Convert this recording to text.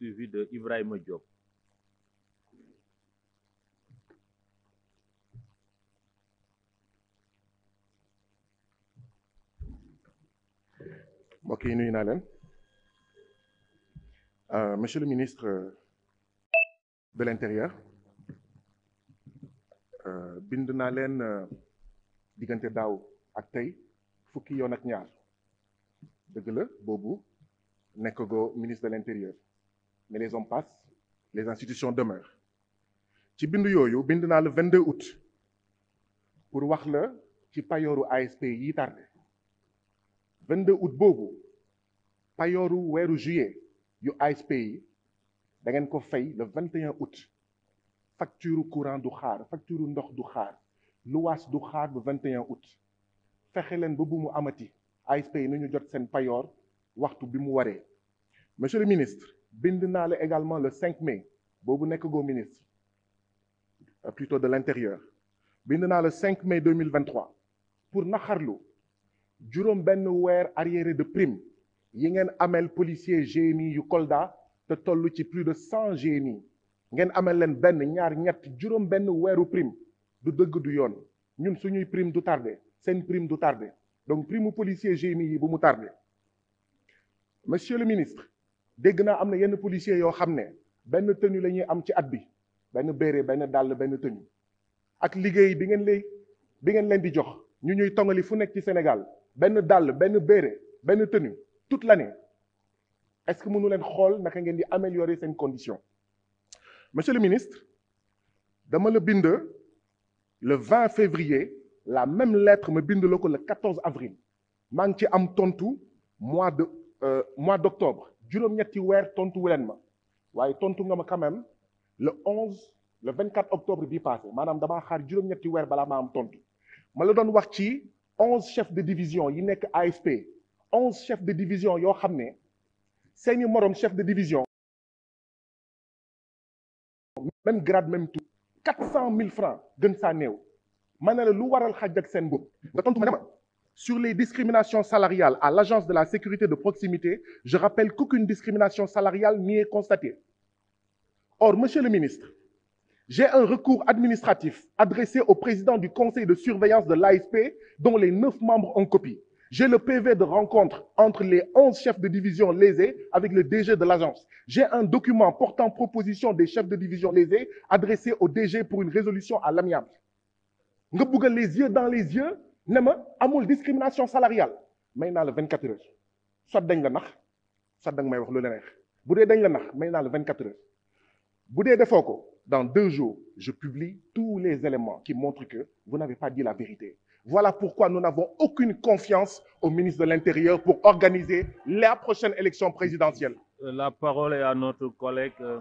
suivi Ibrahima Diop. yi nuyu na leen euh, monsieur le ministre euh, de l'intérieur euh, bind naa leen diggante daaw ak tey fukki yoon ak ñaar dëgg la boobu nekk go ministre de l'intérieur mais les hommes passent les institutions demeurent ci bind yooyu bind naa le 22 août pour wax la ci payooru ASP yi tardé 22 août boobu payooru weeru juillet yu ASP yi da ngeen ko fay le 21 août facture courant du xaar facture ndox du xaar luwaas du xaar bu 21 août fexe leen ba bu mu amati ASP yi nañu jot seen payoor waxtu bi mu waree monsieur le ministre bind naa la également le mais mai boobu nekk goo ministre euh, plutôt de l'intérieur bind naa le 5 mai 2023 pour naxarlu juróom benn weer arriéré de prime yi ngeen amel policier GMI yu Kolda te toll ci plus de 100 GMI ngeen amel leen benn ñaar ñett juróom benn weeru prime du dëgg du yoon ñun suñuy prime du tardé seen prime du tardé donc prime policier GMI yi bu mu tardé monsieur le ministre dégg naa am na yenn policiers yoo xam ne benn tenue la ñuy am ci at bi benn béret benn dàll benn tenue ak liggéey bi ngeen lay bi ngeen leen di jox ñu ñuy tongali fu nekk ci Sénégal benn dàll benn béret benn tout toute l'année est-ce que mënu leen xool naka ngeen di améliorer seen condition monsieur le ministre dama la bind le 20 février la même lettre ma bind la ko le 14 avril maa ngi ci am tontu mois de euh, mois d'octobre juróom-ñetti weer tontu leen ma waaye tontu nga ma quand le 11 le vingt 24 octobre bii passé maanaam damaa xaar juróom-ñetti weer balaa maa am tontu ma la doon wax ci 11 chefs de division yi nekk AFP 11 chefs de division yoo xam ne seeni moroom chef de division. même grade même quatre cent mille francs gën saa néew ma ne la lu waral xaj ak seen bopp nga tontu ma ne sur les discriminations salariales à l'Agence de la sécurité de proximité, je rappelle qu'aucune discrimination salariale n'y est constatée. Or, Monsieur le ministre, j'ai un recours administratif adressé au président du conseil de surveillance de l'ASP, dont les neuf membres ont copie. J'ai le PV de rencontre entre les onze chefs de division lésés avec le DG de l'agence. J'ai un document portant proposition des chefs de division lésés adressé au DG Nga bëgg les dans les yeux ne ma amul discrimination salariale may naa la vingt quatre heures soit dañ la nax soit da nga may wax lu la neex bu dee dañ la nax may naa la bu dee defoo ko dans deux jours je publie tous les éléments qui montrent que vous n'avez pas dit la vérité voilà pourquoi nous n'avons aucune confiance au ministre de l'Intérieur pour organiser la prochaine élection présidentielle. Euh, la parole est à notre collègue. Euh,